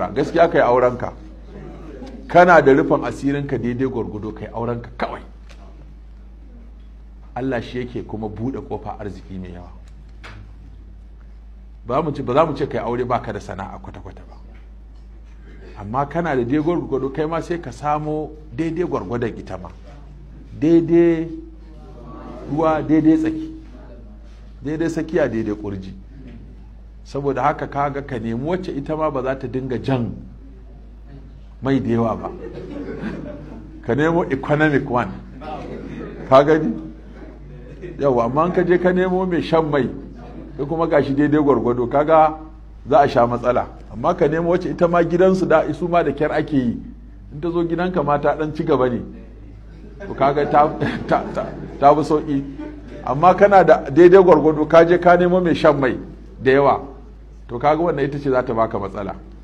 gaskiya kai aurenka kana da rufin asirinka daidai gwargwado kai aurenka kawai Allah shi yake kuma buɗe ƙofa arziki mai yawa ba za mu ce kai aure ba ka da sana'a kwata-kwata ba amma kana da daidai gwargwado kai ma sai ka samo daidai gwargwadon ita ma daidai ruwa daidai tsaki daidai tsakiya daidai kurji. saboda haka kaga ka nemi wacce ita ma ba za ta dinga jan mai da yawa ba ka nemo economic one ka gani yawa amma ka je ka nemo mai shan mai ka kuma gashi daidai gwargwado kaga za a sha matsala amma ka nemo wacce ita ma gidansu da isu ma da kyar ake yi in ta zo gidanka ma ta dan ci gaba ne to kaga ta ta ta, sauki amma kana da daidai gwargwado ka je ka nemo mai shan mai da yawa to kaga wannan ita ce za ta baka matsala